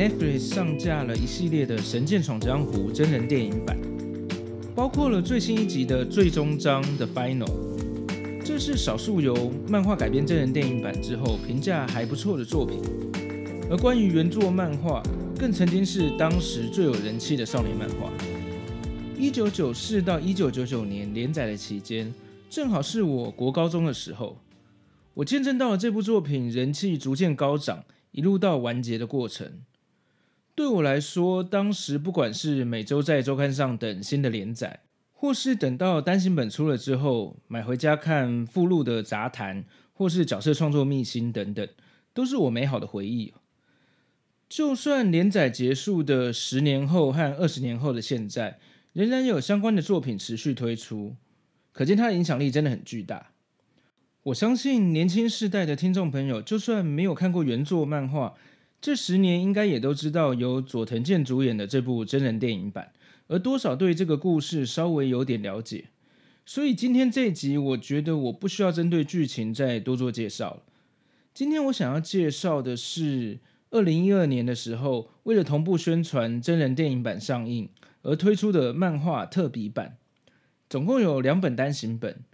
Netflix 上架了一系列的《神劍闖江湖》真人電影版，包括了最新一集的最終章的 Final。這是少數由漫畫改編真人電影版之後評價還不錯的作品。而關於原作漫畫，更曾經是當時最有人氣的少年漫畫。一九九四到一九九九年連載的期間，正好是我國高中的時候，我見證到了這部作品人氣逐漸高漲，一路到完結的過程。對我來說，當時不管是每周在周刊上等新的連載，或是等到單行本出了之後買回家看附錄的雜談，或是角色創作秘辛等等，都是我美好的回憶。就算連載結束的十年後和二十年後的現在，仍然有相關的作品持續推出，可見它的影響力真的很巨大。我相信年輕世代的聽眾朋友，就算沒有看過原作漫畫，這十年應該也都知道由佐藤健主演的這部真人電影版，而多少對這個故事稍微有點了解。所以今天這一集，我覺得我不需要針對劇情再多做介紹了。今天我想要介紹的是二零一二年的時候，為了同步宣傳真人電影版上映而推出的漫畫特筆版，總共有兩本單行本，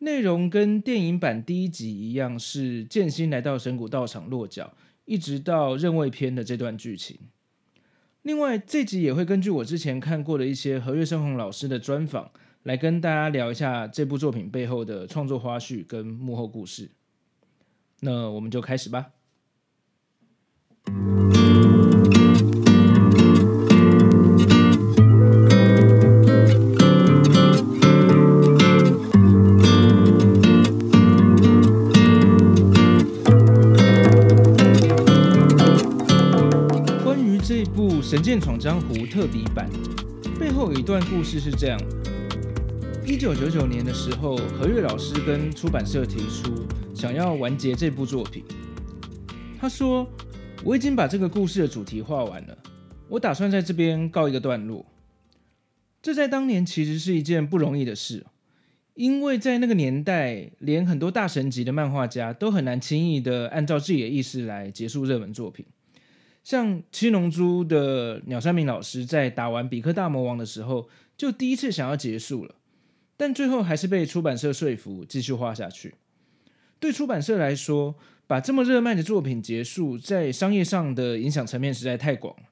內容跟電影版第一集一樣是，是劍心來到神谷道場落腳。一直到人誅篇的這段劇情。另外，這集也會根據我之前看過的一些和月伸宏老師的專訪，來跟大家聊一下這部作品背後的創作花絮跟幕後故事。那我們就開始吧。嗯。《神劍闖江湖》特筆版背後有一段故事是這樣，一九九九年的時候，和月老師跟出版社提出想要完結這部作品。他說：“我已經把這個故事的主題畫完了，我打算在這邊告一個段落。”這在當年其實是一件不容易的事，因為在那個年代，連很多大神級的漫畫家都很難輕易的按照自己的意思來結束熱門作品。像《七龍珠》的鳥山明老師，在打完比克大魔王的時候，就第一次想要結束了，但最後還是被出版社說服繼續畫下去。對出版社來說，把這麼熱賣的作品結束，在商業上的影響層面實在太廣了。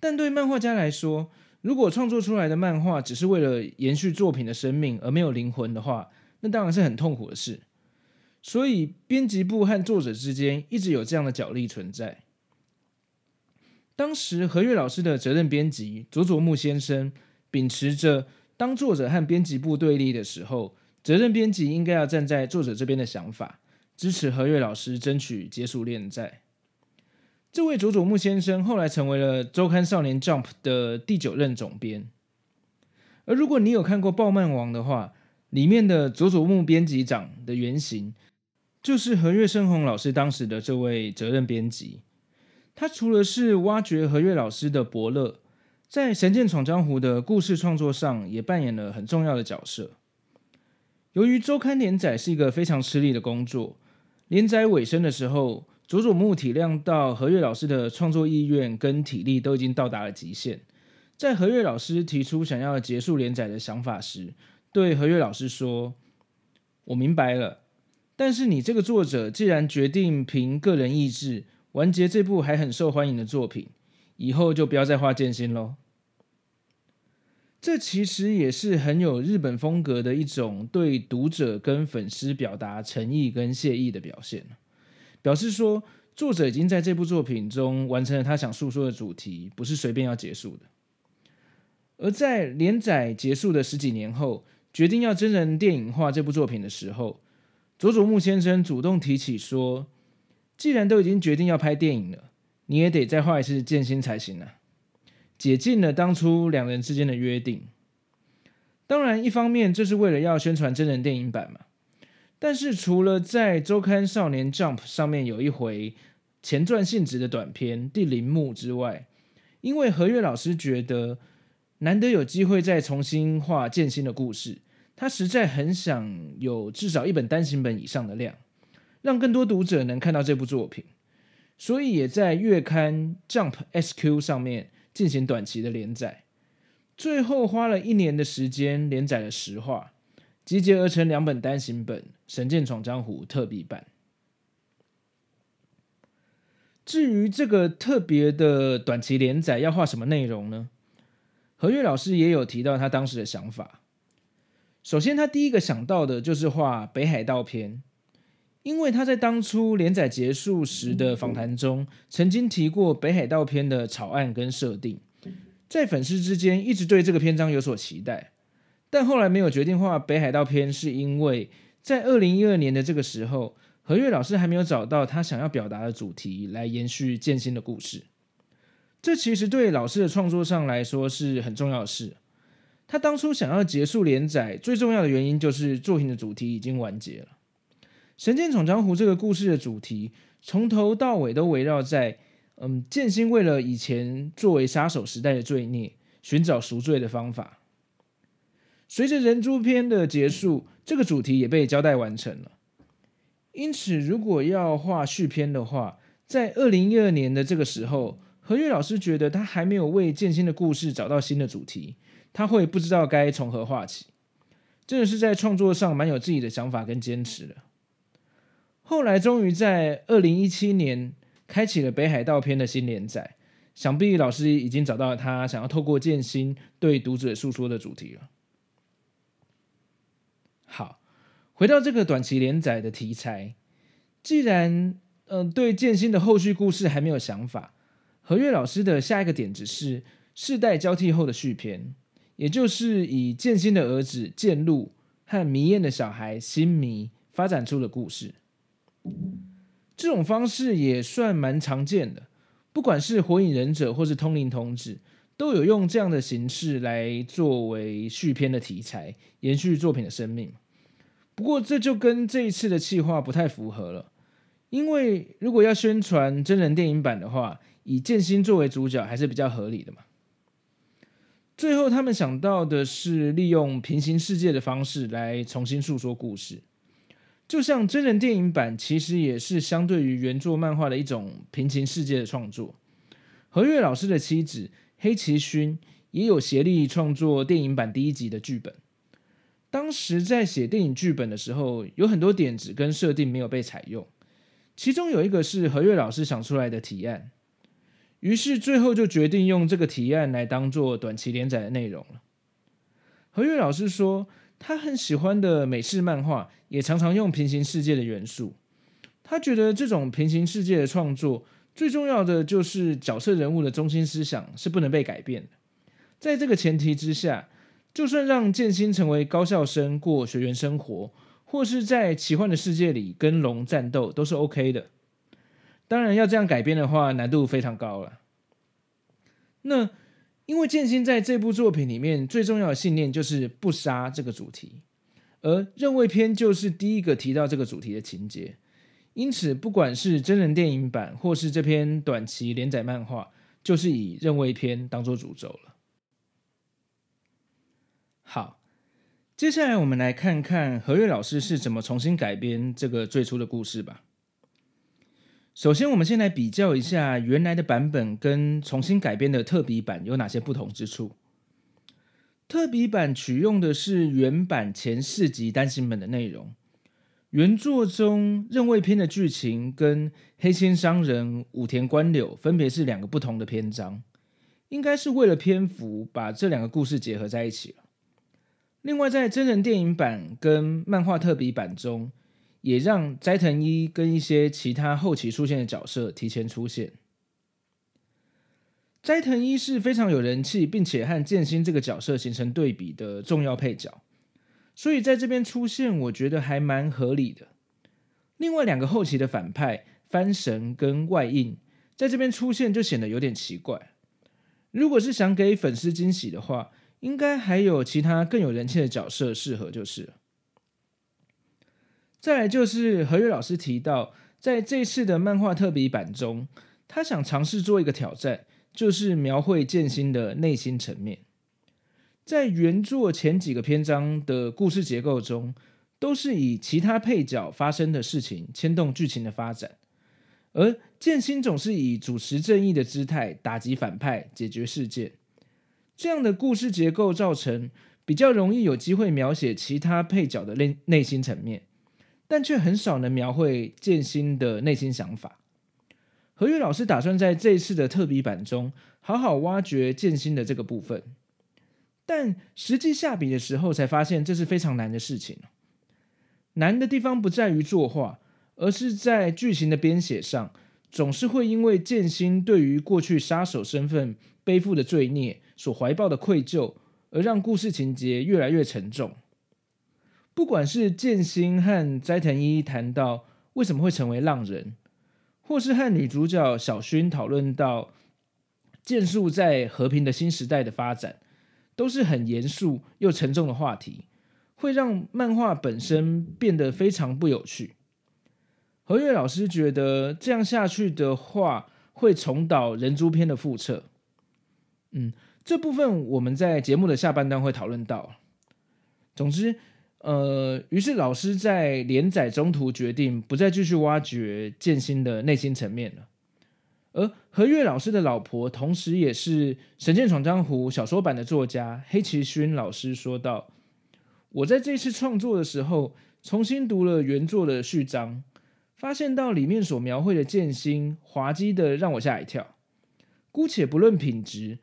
但對漫畫家來說，如果創作出來的漫畫只是為了延續作品的生命而沒有靈魂的話，那當然是很痛苦的事。所以編輯部和作者之間一直有這樣的角力存在。當時和月老師的責任編輯佐佐木先生，秉持着當作者和編輯部對立的時候，責任編輯應該要站在作者這邊的想法，支持和月老師爭取結束連載。這位佐佐木先生後來成為了周刊《少年 Jump》的第九任總編。而如果你有看過《爆漫王》的話，裡面的佐佐木編輯長的原型，就是和月伸宏老師當時的這位責任編輯。他除了是挖掘和月老師的伯樂，在《神劍闖江湖》的故事創作上也扮演了很重要的角色。由於周刊連載是一個非常吃力的工作，連載尾聲的時候，佐佐木體諒到和月老師的創作意願跟體力都已經到達了極限，在和月老師提出想要結束連載的想法時，對和月老師說：“我明白了，但是你這個作者既然決定憑個人意志，”完結這部還很受歡迎的作品，以後就不要再畫劍心嘍。這其實也是很有日本風格的一種對讀者跟粉絲表達誠意跟謝意的表現，表示說作者已經在這部作品中完成了他想訴說的主題，不是隨便要結束的。而在連載結束的十幾年後，決定要真人電影化這部作品的時候，佐佐木先生主動提起說。既然都已經決定要拍電影了，你也得再畫一次劍心才行啊！解禁了當初兩人之間的約定。當然，一方面這是為了要宣傳真人電影版嘛。但是除了在週刊《少年 Jump》上面有一回前傳性質的短篇《第零幕》之外，因為和月老師覺得難得有機會再重新畫劍心的故事，他實在很想有至少一本單行本以上的量。讓更多讀者能看到這部作品，所以也在月刊《Jump SQ》上面進行短期的連載。最後花了一年的時間連載了十話，集結而成兩本單行本《神劍闖江湖》特筆版。至於這個特別的短期連載要畫什麼內容呢？和月老師也有提到他當時的想法。首先，他第一個想到的就是畫北海道篇。因為他在當初連載結束時的訪談中，曾經提過北海道篇的草案跟設定，在粉絲之間一直對這個篇章有所期待，但後來沒有決定畫北海道篇，是因為在二零一二年的這個時候，和月老師還沒有找到他想要表達的主題來延續劍心的故事。這其實對老師的創作上來說是很重要的事。他當初想要結束連載最重要的原因，就是作品的主題已經完結了。《神劍闖江湖》這個故事的主題，從頭到尾都圍繞在，嗯，劍心為了以前作為殺手時代的罪孽，尋找贖罪的方法。隨着《人誅篇》的結束，這個主題也被交代完成了。因此，如果要畫續篇的話，在二零一二年的這個時候，和月老師覺得他還沒有為劍心的故事找到新的主題，他會不知道該從何畫起。真的是在創作上蠻有自己的想法跟堅持的。後來終於在二零一七年開啟了北海道篇的新連載，想必老師已經找到了他想要透過劍心對讀者訴說的主題了。好，回到這個短期連載的題材，既然嗯、呃、對劍心的後續故事還沒有想法，和月老師的下一個點子是世代交替後的續篇，也就是以劍心的兒子劍路和彌彥的小孩新彌發展出的故事。這種方式也算蠻常見的，不管是《火影忍者》或是《通靈童子》，都有用這樣的形式來作為續篇的題材，延續作品的生命。不過這就跟這一次的企劃不太符合了，因為如果要宣傳真人電影版的話，以劍心作為主角還是比較合理的嘛。最後他們想到的是利用平行世界的方式來重新訴說故事。就像真人電影版，其實也是相對於原作漫畫的一種平行世界的創作。和月老師的妻子黑崎薰也有協力創作電影版第一集的劇本。當時在寫電影劇本的時候，有很多點子跟設定沒有被採用，其中有一個是和月老師想出來的提案，於是最後就決定用這個提案來當做短期連載的內容了。和月老師說。他很喜歡的美式漫畫也常常用平行世界的元素。他覺得這種平行世界的創作最重要的就是角色人物的中心思想是不能被改變的。在這個前提之下，就算讓劍心成為高校生過學院生活，或是在奇幻的世界裡跟龍戰鬥都是 OK 的。當然，要這樣改編的話，難度非常高了。那。因為劍心在這部作品裡面最重要的信念就是不殺這個主題，而刃衛篇就是第一個提到這個主題的情節，因此，不管是真人電影版或是這篇短期連載漫畫，就是以刃衛篇當做主軸了。好，接下來我們來看看和月老師是怎麼重新改編這個最初的故事吧。首先，我們先來比較一下原來的版本跟重新改編的特筆版有哪些不同之處。特筆版取用的是原版前四集單行本的內容。原作中刃衛篇的劇情跟黑心商人武田觀柳分別是兩個不同的篇章，應該是為了篇幅把這兩個故事結合在一起了。另外，在真人電影版跟漫畫特筆版中。也讓齋藤一跟一些其他後期出現的角色提前出現。齋藤一是非常有人氣，並且和劍心這個角色形成對比的重要配角，所以在這邊出現，我覺得還蠻合理的。另外兩個後期的反派番神跟外印在這邊出現就顯得有點奇怪。如果是想給粉絲驚喜的話，應該還有其他更有人氣的角色適合就是。再來就是和月老師提到，在這次的漫畫特別版中，他想嘗試做一個挑戰，就是描繪劍心的內心層面。在原作前幾個篇章的故事結構中，都是以其他配角發生的事情牽動劇情的發展，而劍心總是以主持正義的姿態打擊反派、解決事件。這樣的故事結構造成比較容易有機會描寫其他配角的內內心層面。但卻很少能描繪劍心的內心想法。和月老師打算在這一次的特筆版中，好好挖掘劍心的這個部分。但實際下筆的時候，才發現這是非常難的事情。難的地方不在於作畫，而是在劇情的編寫上，總是會因為劍心對於過去殺手身份背負的罪孽所懷抱的愧疚，而讓故事情節越來越沉重。不管是劍心和齋藤一談到為什麼會成為浪人，或是和女主角小薰討論到劍術在和平的新時代的發展，都是很嚴肅又沉重的話題，會讓漫畫本身變得非常不有趣。和月老師覺得這樣下去的話，會重蹈人誅篇的覆轍。嗯，這部分我們在節目的下半段會討論到。總之。呃，於是老師在連載中途決定不再繼續挖掘劍心的內心層面了。而和月老師的老婆，同時也是《神劍闖江湖》小說版的作家黑碕薰老師說道：“我在這次創作的時候，重新讀了原作的序章，發現到裡面所描繪的劍心滑稽得讓我嚇一跳。姑且不論品質，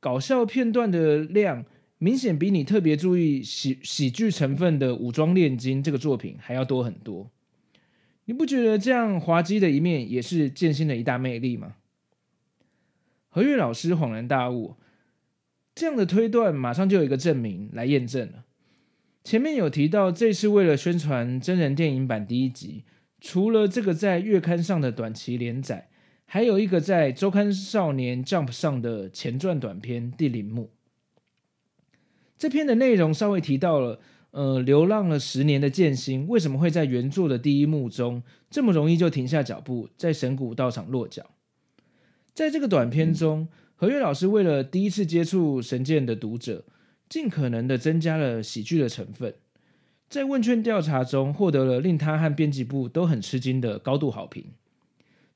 搞笑片段的量。”明顯比你特別注意喜喜劇成分的《武裝煉金》這個作品還要多很多，你不覺得這樣滑稽的一面也是劍心的一大魅力嗎？和月老師恍然大悟，這樣的推斷馬上就有一個證明來驗證了。前面有提到，這次為了宣傳真人電影版第一集，除了這個在月刊上的短期連載，還有一個在週刊少年 Jump 上的前傳短篇第零幕。這篇的內容稍微提到了，呃，流浪了十年的劍心為什麼會在原作的第一幕中這麼容易就停下腳步，在神谷道場落腳？在這個短片中，和月老師為了第一次接觸神劍的讀者，盡可能的增加了喜劇的成分，在問卷調查中獲得了令他和編輯部都很吃驚的高度好評。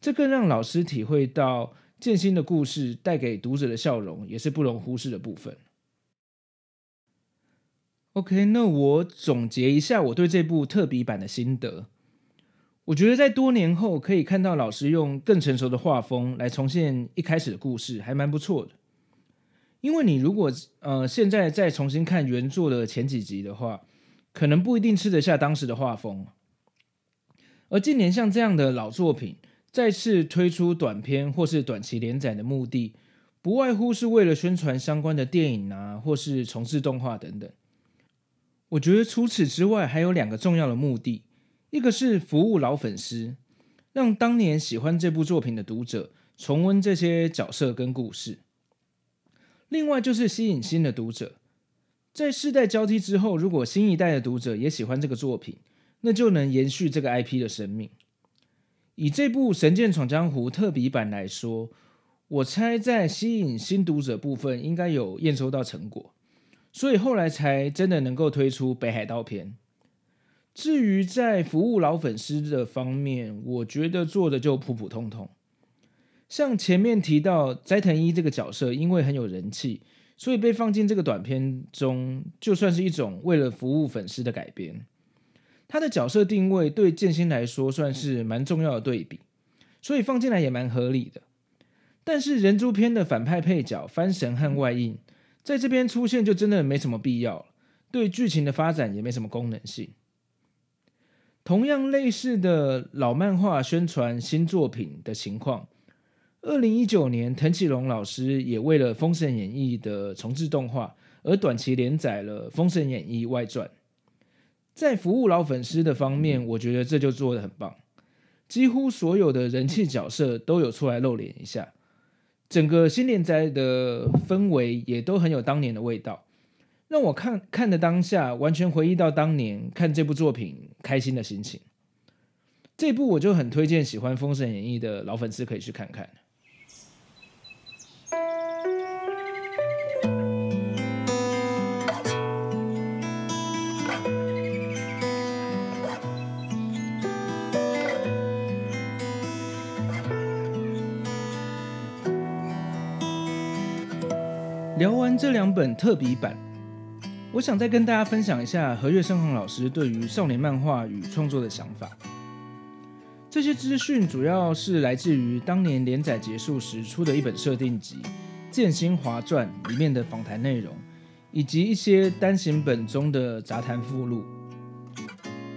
這更讓老師體會到劍心的故事帶給讀者的笑容也是不容忽視的部分。OK，那我總結一下我對這部特筆版的心得。我覺得在多年後可以看到老師用更成熟的畫風來重現一開始的故事，還蠻不錯的。因為你如果呃現在再重新看原作的前幾集的話，可能不一定吃得下當時的畫風。而近年像這樣的老作品再次推出短片或是短期連載的目的，不外乎是為了宣傳相關的電影啊，或是重製動畫等等。我覺得除此之外還有兩個重要的目的，一個是服務老粉絲，讓當年喜歡這部作品的讀者重溫這些角色跟故事；另外就是吸引新的讀者。在世代交替之後，如果新一代的讀者也喜歡這個作品，那就能延續這個 IP 的生命。以這部《神劍闖江湖》特筆版來說，我猜在吸引新讀者部分應該有驗收到成果。所以後來才真的能夠推出《北海道篇》。至於在服務老粉絲的方面，我覺得做的就普普通通。像前面提到齋藤一這個角色，因為很有人氣，所以被放進這個短片中，就算是一種為了服務粉絲的改編。他的角色定位對劍心來說算是蠻重要的對比，所以放進來也蠻合理的。但是《人誅篇》的反派配角番神和外印。在這邊出現就真的沒什麼必要了，對劇情的發展也沒什麼功能性。同樣類似的老漫畫宣傳新作品的情況，二零一九年藤崎龍老師也為了《封神演義》的重製動畫而短期連載了《封神演義外傳》。在服務老粉絲的方面，我覺得這就做的很棒，幾乎所有的人氣角色都有出來露臉一下。整個新連載的氛圍也都很有當年的味道，讓我看看的當下，完全回憶到當年看這部作品開心的心情。這部我就很推薦喜歡《封神演義》的老粉絲可以去看看。聊完這兩本特筆版，我想再跟大家分享一下和月伸宏老師對於少年漫畫與創作的想法。這些資訊主要是來自於當年連載結束時出的一本設定集《劍心華傳》裡面的訪談內容，以及一些單行本中的雜談附錄。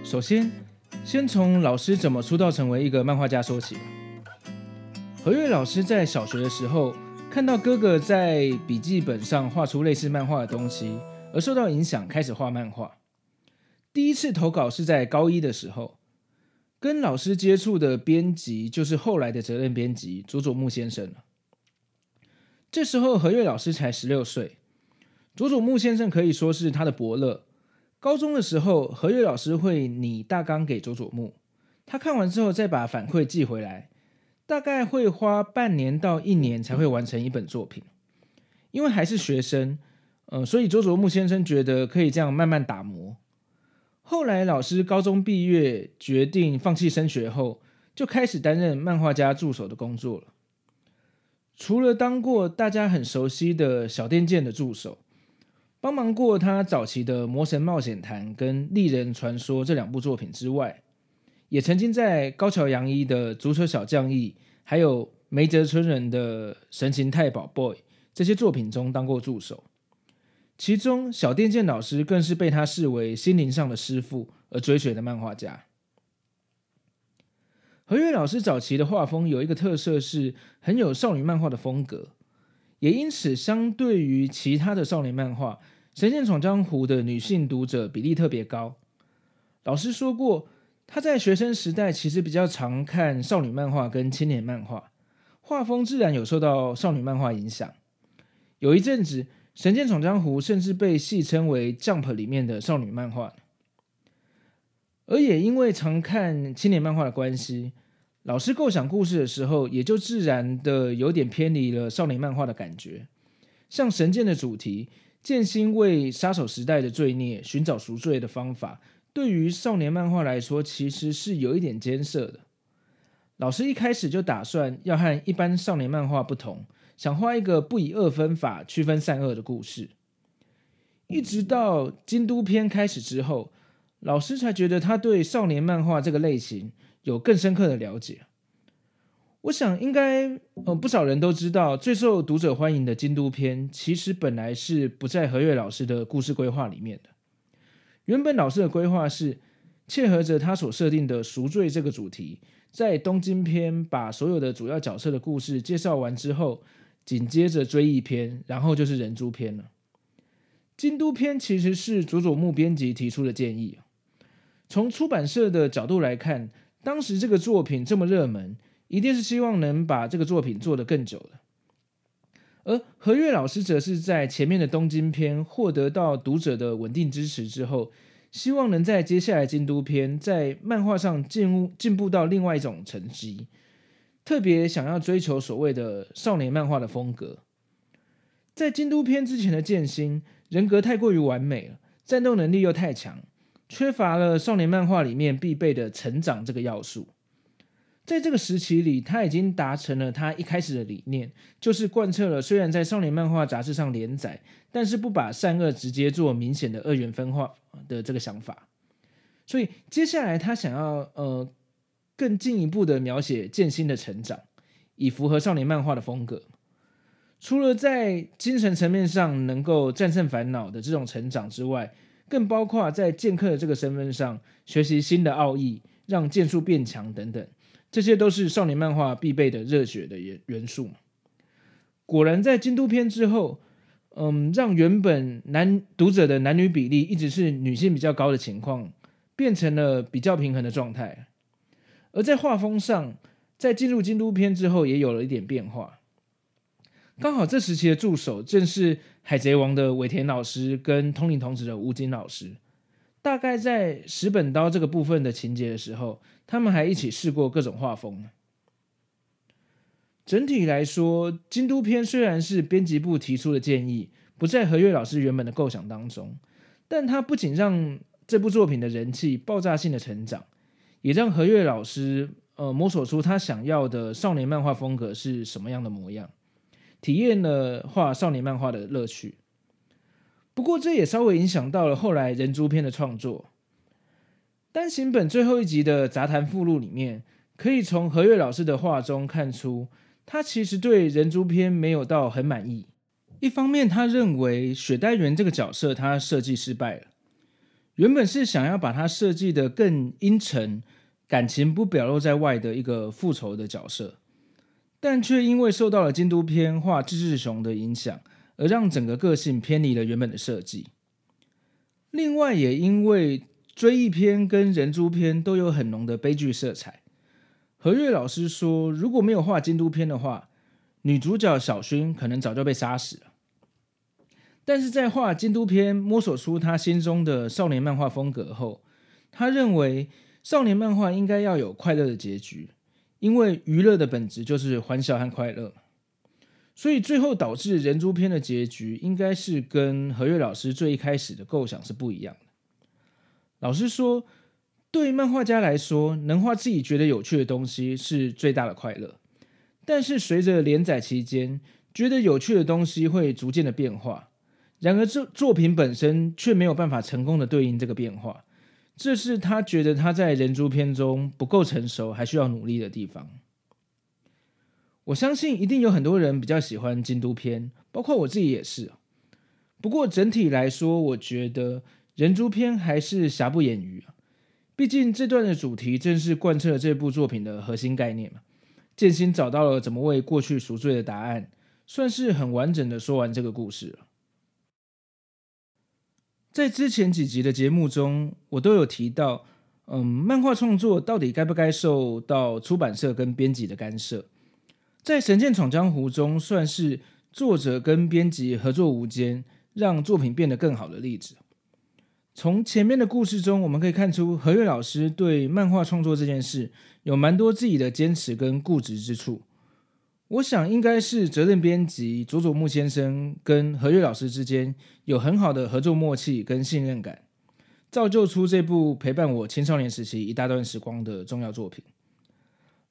首先，先從老師怎麼出道成為一個漫畫家說起。和月老師在小學的時候，看到哥哥在筆記本上畫出類似漫畫的東西，而受到影響，開始畫漫畫。第一次投稿是在高一的時候，跟老師接觸的編輯就是後來的責任編輯佐佐木先生了。這時候和月老師才十六歲，佐佐木先生可以說是他的伯樂。高中的時候，和月老師會擬大綱給佐佐木，他看完之後再把反饋寄回來。大概會花半年到一年才會完成一本作品，因為還是學生，嗯、呃，所以周卓木先生覺得可以這樣慢慢打磨。後來老師高中畢業，決定放棄升學後，就開始擔任漫畫家助手的工作了。除了當過大家很熟悉的小畑健的助手，幫忙過他早期的《魔神冒險譚》跟《力人傳說》這兩部作品之外。也曾經在高橋陽一的《足球小將翼》，還有梅澤春人的《神行太保 Boy》這些作品中當過助手，其中小畑健老師更是被他視為心靈上的師父，而追隨的漫畫家。和月老師早期的畫風有一個特色是很有少女漫畫的風格，也因此相對於其他的少年漫畫，《神劍闖江湖》的女性讀者比例特別高。老師說過。他在學生時代其實比較常看少女漫畫跟青年漫畫，畫風自然有受到少女漫畫影響。有一陣子，《神劍闖江湖》甚至被戲稱為《Jump》裡面的少女漫畫。而也因為常看青年漫畫的關係，老師構想故事的時候，也就自然的有點偏離了少年漫畫的感覺。像《神劍》的主題，劍心為殺手時代的罪孽尋找贖罪的方法。對於少年漫畫來說，其實是有一點艱澀的。老師一開始就打算要和一般少年漫畫不同，想畫一個不以二分法區分善惡的故事。一直到京都篇開始之後，老師才覺得他對少年漫畫這個類型有更深刻的了解。我想應該，嗯，不少人都知道，最受讀者歡迎的京都篇，其實本來是不在和月老師的故事規劃裡面的。原本老師的規劃是，切合着他所設定的贖罪這個主題，在東京篇把所有的主要角色的故事介紹完之後，緊接着追憶篇，然後就是人誅篇了。京都篇其實是佐佐木編輯提出的建議，從出版社的角度來看，當時這個作品這麼熱門，一定是希望能把這個作品做得更久的。而和月老師則是在前面的東京篇獲得到讀者的穩定支持之後，希望能在接下來的京都篇在漫畫上進步進步到另外一種層級，特別想要追求所謂的少年漫畫的風格。在京都篇之前的劍心人格太過於完美了，戰鬥能力又太強，缺乏了少年漫畫裡面必備的成長這個要素。在這個時期裡，他已經達成了他一開始的理念，就是貫徹了雖然在少年漫畫雜誌上連載，但是不把善惡直接做明顯的二元分化的這個想法。所以接下來他想要呃更進一步的描寫劍心的成長，以符合少年漫畫的風格。除了在精神層面上能夠戰勝煩惱的這種成長之外，更包括在劍客的這個身份上學習新的奧義，讓劍術變強等等。這些都是少年漫畫必備的熱血的元元素。果然在京都篇之後，嗯，讓原本男讀者的男女比例一直是女性比較高的情況，變成了比較平衡的狀態。而在畫風上，在進入京都篇之後，也有了一點變化。剛好這時期的助手正是《海賊王》的尾田老師跟《通靈童子》的武井老師。大概在十本刀這個部分的情節的時候。他們還一起試過各種畫風。整體來說，《京都篇》雖然是編輯部提出的建議，不在和月老師原本的構想當中，但它不僅讓這部作品的人氣爆炸性的成長，也讓和月老師呃摸索出他想要的少年漫畫風格是什麼樣的模樣，體驗了畫少年漫畫的樂趣。不過，這也稍微影響到了後來《人誅篇》的創作。單行本最後一集的雜談附錄裡面，可以從和月老師的話中看出，他其實對人誅篇沒有到很滿意。一方面，他認為雪代緣這個角色他設計失敗了，原本是想要把他設計得更陰沉、感情不表露在外的一個復仇的角色，但卻因為受到了京都篇畫志志雄的影響，而讓整個個性偏離了原本的設計。另外，也因為追憶篇跟人誅篇都有很濃的悲劇色彩。和月老師說，如果沒有畫京都篇的話，女主角小薰可能早就被殺死了。但是在畫京都篇摸索出她心中的少年漫畫風格後，她認為少年漫畫應該要有快樂的結局，因為娛樂的本質就是歡笑和快樂。所以最後導致人誅篇的結局應該是跟和月老師最一開始的構想是不一樣的。老師說，對於漫畫家來說，能畫自己覺得有趣的東西是最大的快樂。但是隨着連載期間，覺得有趣的東西會逐漸的變化，然而作作品本身卻沒有辦法成功的對應這個變化，這是他覺得他在人誅篇中不夠成熟，還需要努力的地方。我相信一定有很多人比較喜歡京都篇，包括我自己也是。不過整體來說，我覺得。人誅篇還是瑕不掩瑜啊，畢竟這段的主題正是貫徹了這部作品的核心概念嘛。劍心找到了怎麼為過去贖罪的答案，算是很完整的說完這個故事了。在之前幾集的節目中，我都有提到，嗯，漫畫創作到底該不該受到出版社跟編輯的干涉？在《神劍闖江湖》中，算是作者跟編輯合作無間，讓作品變得更好的例子。從前面的故事中，我們可以看出和月老師對漫畫創作這件事有蠻多自己的堅持跟固執之處。我想應該是責任編輯佐佐木先生跟和月老師之間有很好的合作默契跟信任感，造就出這部陪伴我青少年時期一大段時光的重要作品。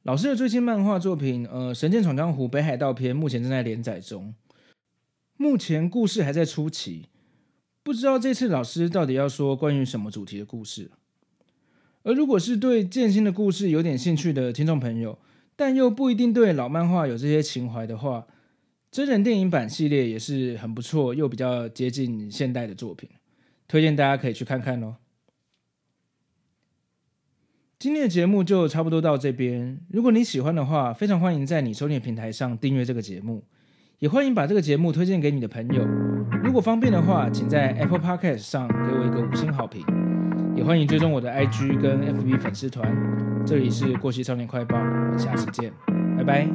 老師的最新漫畫作品，呃，《神劍闖江湖》北海道篇目前正在連載中，目前故事還在初期。不知道這次老師到底要說關於什麼主題的故事。而如果是對劍心的故事有點興趣的聽眾朋友，但又不一定對老漫畫有這些情懷的話，真人電影版系列也是很不錯，又比較接近現代的作品，推薦大家可以去看看哦。今天的節目就差不多到這邊，如果你喜歡的話，非常歡迎在你收聽的平台上訂閱這個節目，也歡迎把這個節目推薦給你的朋友。如果方便的話，請在 Apple Podcast 上給我一個五星好評，也歡迎追蹤我的 IG 跟 FB 粉絲團。這裡是《過期少年快報》，我們下次見，拜拜。